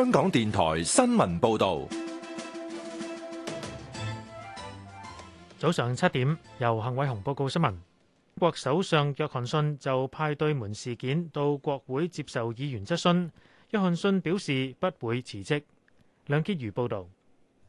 香港電台新聞報道，早上七點，由幸偉雄報告，告新聞。英國首相約翰遜就派對門事件到國會接受議員質詢。約翰遜表示不會辭職。梁潔如報道。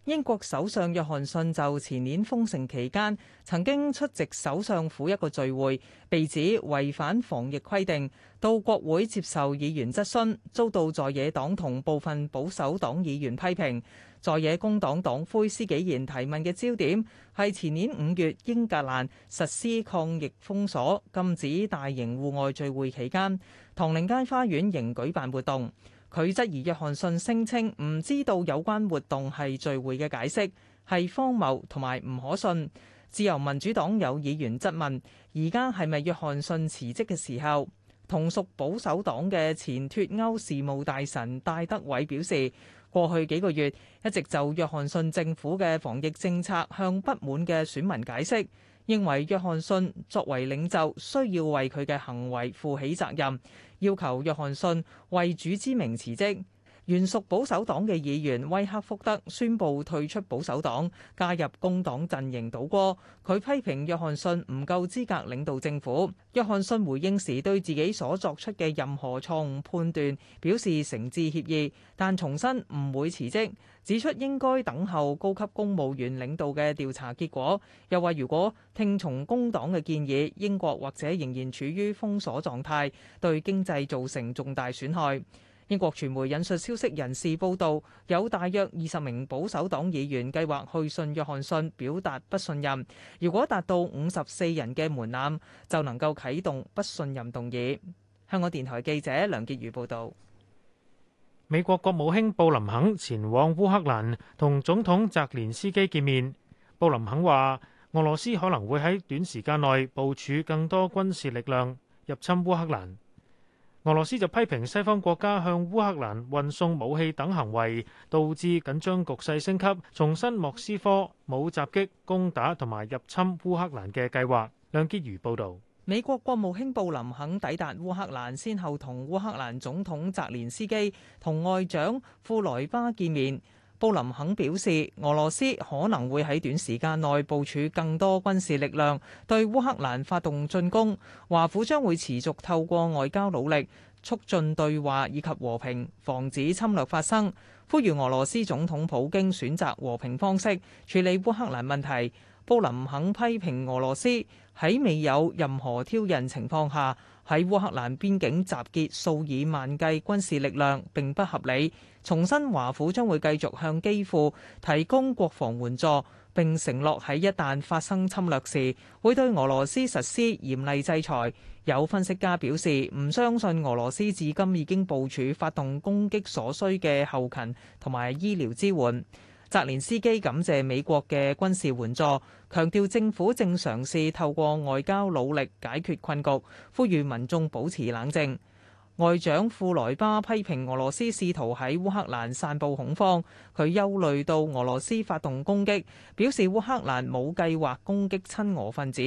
英國首相約翰遜就前年封城期間曾經出席首相府一個聚會，被指違反防疫規定，到國會接受議員質詢，遭到在野黨同部分保守黨議員批評。在野工黨黨魁施紀賢提問嘅焦點係前年五月英格蘭實施抗疫封鎖、禁止大型戶外聚會期間，唐寧街花園仍舉辦活動。佢質疑約翰遜聲稱唔知道有關活動係聚會嘅解釋，係荒謬同埋唔可信。自由民主黨有議員質問：而家係咪約翰遜辭職嘅時候？同屬保守黨嘅前脫歐事務大臣戴德偉表示，過去幾個月一直就約翰遜政府嘅防疫政策向不滿嘅選民解釋。認為約翰遜作為領袖需要為佢嘅行為負起責任，要求約翰遜為主之名辭職。原屬保守黨嘅議員威克福德宣布退出保守黨，加入工黨陣營倒戈。佢批評約翰遜唔夠資格領導政府。約翰遜回應時對自己所作出嘅任何錯誤判斷表示誠摯歉意，但重申唔會辭職，指出應該等候高級公務員領導嘅調查結果。又話如果聽從工黨嘅建議，英國或者仍然處於封鎖狀態，對經濟造成重大損害。英國傳媒引述消息人士報道，有大約二十名保守黨議員計劃去信約翰遜表達不信任。如果達到五十四人嘅門檻，就能夠啟動不信任動議。香港電台記者梁潔如報導。美國國務卿布林肯前往烏克蘭同總統澤連斯基見面。布林肯話：俄羅斯可能會喺短時間內部署更多軍事力量入侵烏克蘭。俄羅斯就批評西方國家向烏克蘭運送武器等行為，導致緊張局勢升級，重申莫斯科冇襲擊、攻打同埋入侵烏克蘭嘅計劃。梁潔如報導，美國國務卿布林肯抵達烏克蘭，先後同烏克蘭總統澤連斯基同外長庫萊巴見面。布林肯表示，俄羅斯可能會喺短時間內部署更多軍事力量對烏克蘭發動進攻。華府將會持續透過外交努力，促進對話以及和平，防止侵略發生。呼籲俄羅斯總統普京選擇和平方式處理烏克蘭問題。布林肯批評俄羅斯喺未有任何挑釁情況下，喺烏克蘭邊境集結數以萬計軍事力量並不合理。重申華府將會繼續向基輔提供國防援助，並承諾喺一旦發生侵略時，會對俄羅斯實施嚴厲制裁。有分析家表示，唔相信俄羅斯至今已經部署發動攻擊所需嘅後勤同埋醫療支援。澤連斯基感謝美國嘅軍事援助，強調政府正嘗試透過外交努力解決困局，呼籲民眾保持冷靜。外長庫萊巴批評俄羅斯試圖喺烏克蘭散佈恐慌，佢憂慮到俄羅斯發動攻擊，表示烏克蘭冇計劃攻擊親俄分子。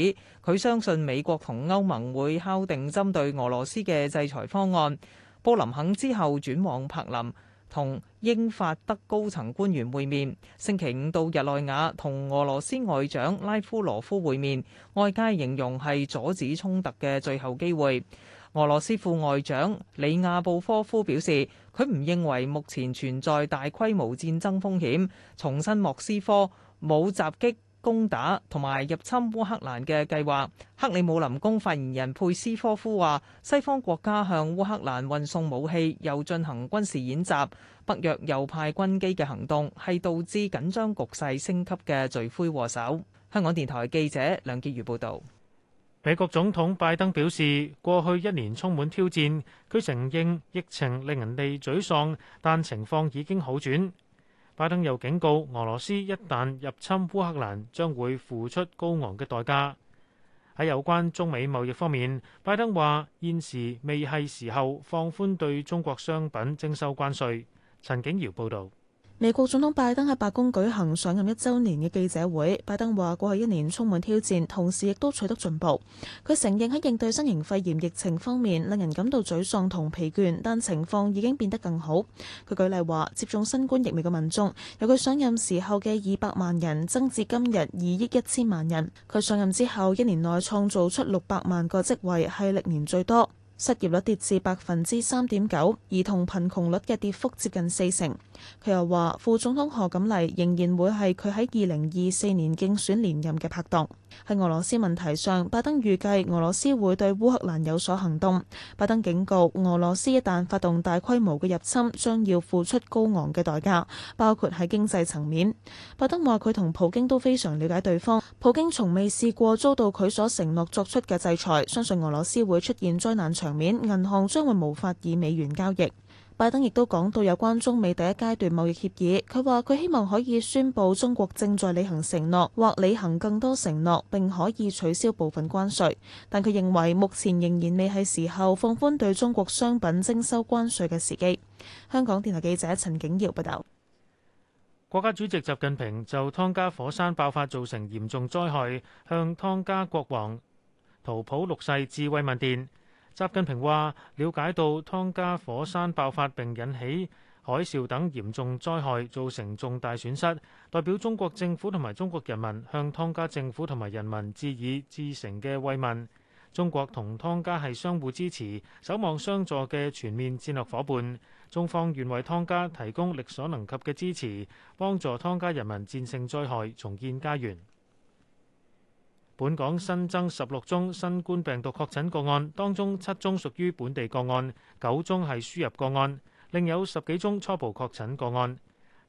佢相信美國同歐盟會敲定針對俄羅斯嘅制裁方案。布林肯之後轉往柏林同。英法德高層官員會面，星期五到日內瓦同俄羅斯外長拉夫羅夫會面，外界形容係阻止衝突嘅最後機會。俄羅斯副外長里亞布科夫表示，佢唔認為目前存在大規模戰爭風險，重申莫斯科冇襲擊攻打同埋入侵烏克蘭嘅計劃，克里姆林宮發言人佩斯科夫話：西方國家向烏克蘭運送武器，又進行軍事演習，北約又派軍機嘅行動，係導致緊張局勢升級嘅罪魁禍首。香港電台記者梁潔如報道。美國總統拜登表示，過去一年充滿挑戰，佢承認疫情令人哋沮喪，但情況已經好轉。拜登又警告俄羅斯，一旦入侵烏克蘭將會付出高昂嘅代價。喺有關中美貿易方面，拜登話現時未係時候放寬對中國商品徵收關稅。陳景瑤報道。美國總統拜登喺白宮舉行上任一周年嘅記者會。拜登話過去一年充滿挑戰，同時亦都取得進步。佢承認喺應對新型肺炎疫情方面令人感到沮喪同疲倦，但情況已經變得更好。佢舉例話接種新冠疫苗嘅民眾由佢上任時候嘅二百萬人增至今日二億一千萬人。佢上任之後一年內創造出六百萬個職位，係歷年最多。失業率跌至百分之三點九，而兒童貧窮率嘅跌幅接近四成。佢又話：副總統何錦麗仍然會係佢喺二零二四年競選連任嘅拍檔。喺俄羅斯問題上，拜登預計俄羅斯會對烏克蘭有所行動。拜登警告俄羅斯一旦發動大規模嘅入侵，將要付出高昂嘅代價，包括喺經濟層面。拜登話佢同普京都非常瞭解對方，普京從未試過遭到佢所承諾作出嘅制裁，相信俄羅斯會出現災難場面銀行將會無法以美元交易。拜登亦都講到有關中美第一階段貿易協議，佢話佢希望可以宣布中國正在履行承諾或履行更多承諾，並可以取消部分關稅。但佢認為目前仍然未係時候放寬對中國商品徵收關稅嘅時機。香港電台記者陳景堯報道。國家主席習近平就湯加火山爆發造成嚴重災害，向湯加國王圖普六世致慰問電。習近平話：了解到湯加火山爆發並引起海嘯等嚴重災害，造成重大損失，代表中國政府同埋中國人民向湯加政府同埋人民致以至誠嘅慰問。中國同湯加係相互支持、守望相助嘅全面戰略夥伴，中方願為湯加提供力所能及嘅支持，幫助湯加人民戰勝災害，重建家園。本港新增十六宗新冠病毒確診個案，當中七宗屬於本地個案，九宗係輸入個案，另有十幾宗初步確診個案。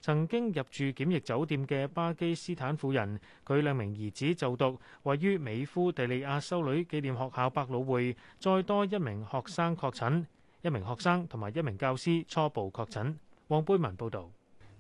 曾經入住檢疫酒店嘅巴基斯坦婦人，佢兩名兒子就讀位於美孚地利亞修女紀念學校百老匯，再多一名學生確診，一名學生同埋一名教師初步確診，黃貝文報道。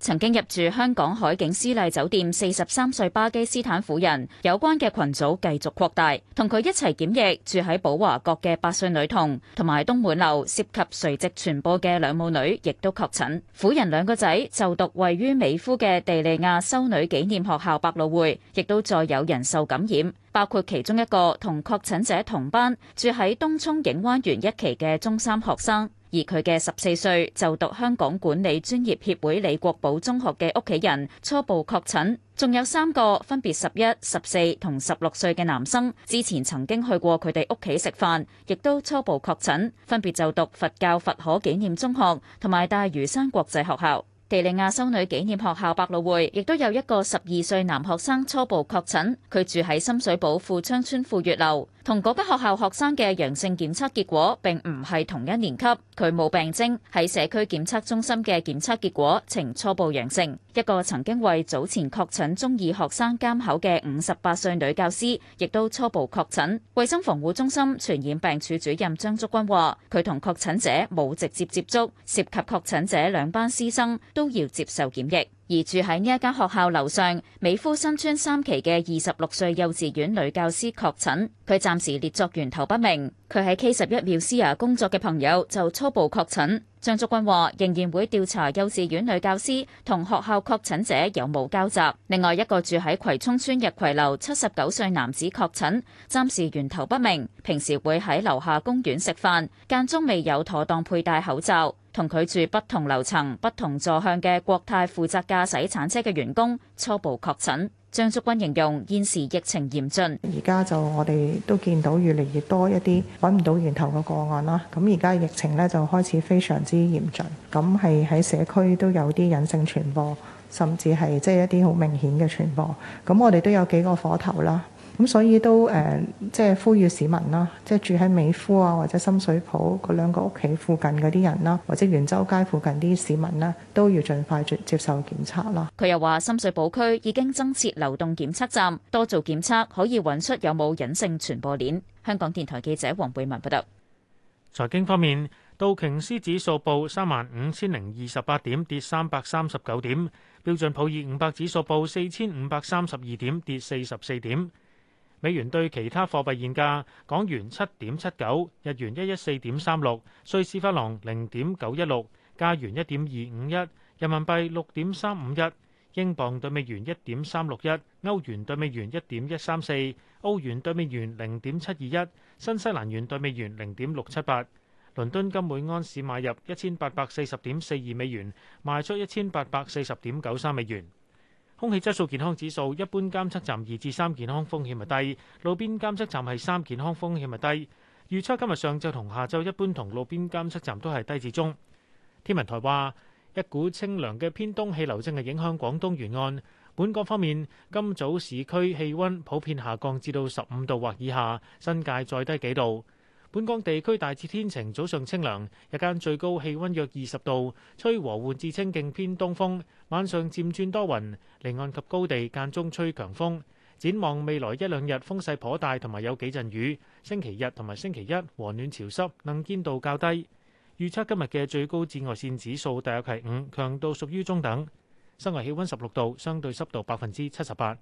曾經入住香港海景絲麗酒店四十三歲巴基斯坦婦人，有關嘅群組繼續擴大，同佢一齊檢疫住喺寶華閣嘅八歲女童，同埋東門樓涉及垂直傳播嘅兩母女，亦都確診。婦人兩個仔就讀位於美孚嘅地利亞修女紀念學校百老匯，亦都再有人受感染，包括其中一個同確診者同班住喺東涌映灣園一期嘅中三學生。而佢嘅十四歲就讀香港管理專業協會李國寶中學嘅屋企人初步確診，仲有三個分別十一、十四同十六歲嘅男生，之前曾經去過佢哋屋企食飯，亦都初步確診，分別就讀佛教佛可紀念中學同埋大嶼山國際學校、地利亞修女紀念學校、百老匯，亦都有一個十二歲男學生初步確診，佢住喺深水埗富昌邨富月樓。同嗰班學校學生嘅陽性檢測結果並唔係同一年級，佢冇病徵，喺社區檢測中心嘅檢測結果呈初步陽性。一個曾經為早前確診中二學生監考嘅五十八歲女教師，亦都初步確診。衛生防護中心傳染病處主任張竹君話，佢同確診者冇直接接觸，涉及確診者兩班師生都要接受檢疫。而住喺呢一間學校樓上美孚新村三期嘅二十六歲幼稚園女教師確診，佢暫時列作源頭不明。佢喺 K 十一 MUSEA 工作嘅朋友就初步確診。張竹君話，仍然會調查幼稚園女教師同學校確診者有冇交集。另外一個住喺葵涌村日葵樓七十九歲男子確診，暫時源頭不明。平時會喺樓下公園食飯，間中未有妥當佩戴口罩。同佢住不同樓層、不同座向嘅國泰負責駕，駕駛鏟車嘅員工初步確診。張竹君形容現時疫情嚴峻，而家就我哋都見到越嚟越多一啲揾唔到源頭嘅個案啦。咁而家疫情咧就開始非常之嚴峻，咁係喺社區都有啲隱性傳播，甚至係即係一啲好明顯嘅傳播。咁我哋都有幾個火頭啦。咁所以都誒、即係呼籲市民啦，即係住喺美孚啊，或者深水埗嗰兩個屋企附近嗰啲人啦，或者元州街附近啲市民啦，都要盡快接接受檢測啦。佢又話深水埗區已經增設流動檢測站，多做檢測可以揾出有冇隱性傳播鏈，香港電台記者黃貝文報道。財經方面，道瓊斯指數報三萬五千零二十八點，跌三百三十九點；標準普爾五百指數報四千五百三十二點，跌四十四點。美元兌其他貨幣現價：港元七點七九，日元一一四點三六，瑞士法郎零點九一六，加元一點二五一，人民幣六點三五一，英鎊對美元一點三六一，歐元對美元一點一三四，澳元對美元零點七二一，新西蘭元對美元零點六七八。倫敦金每安士買入一千八百四十點四二美元，賣出一千八百四十點九三美元。空氣質素健康指數，一般監測站二至三，健康風險係低，路邊監測站係三，健康風險係低。預測今日上晝同下晝，一般同路邊監測站都係低至中。天文台話，一股清涼嘅偏東氣流正係影響廣東沿岸。本港方面，今早市區氣温普遍下降至到十五度或以下，新界再低幾度。本港地區大致天晴，早上清涼，日間最高氣溫約二十度，吹和緩至清勁偏東風。晚上漸轉多雲，離岸及高地間中吹強風。展望未來一兩日風勢頗大，同埋有幾陣雨。星期日同埋星期一和暖潮，潮濕，能見度較低。預測今日嘅最高紫外線指數大約係五，強度屬於中等。室外氣溫十六度，相對濕度百分之七十八。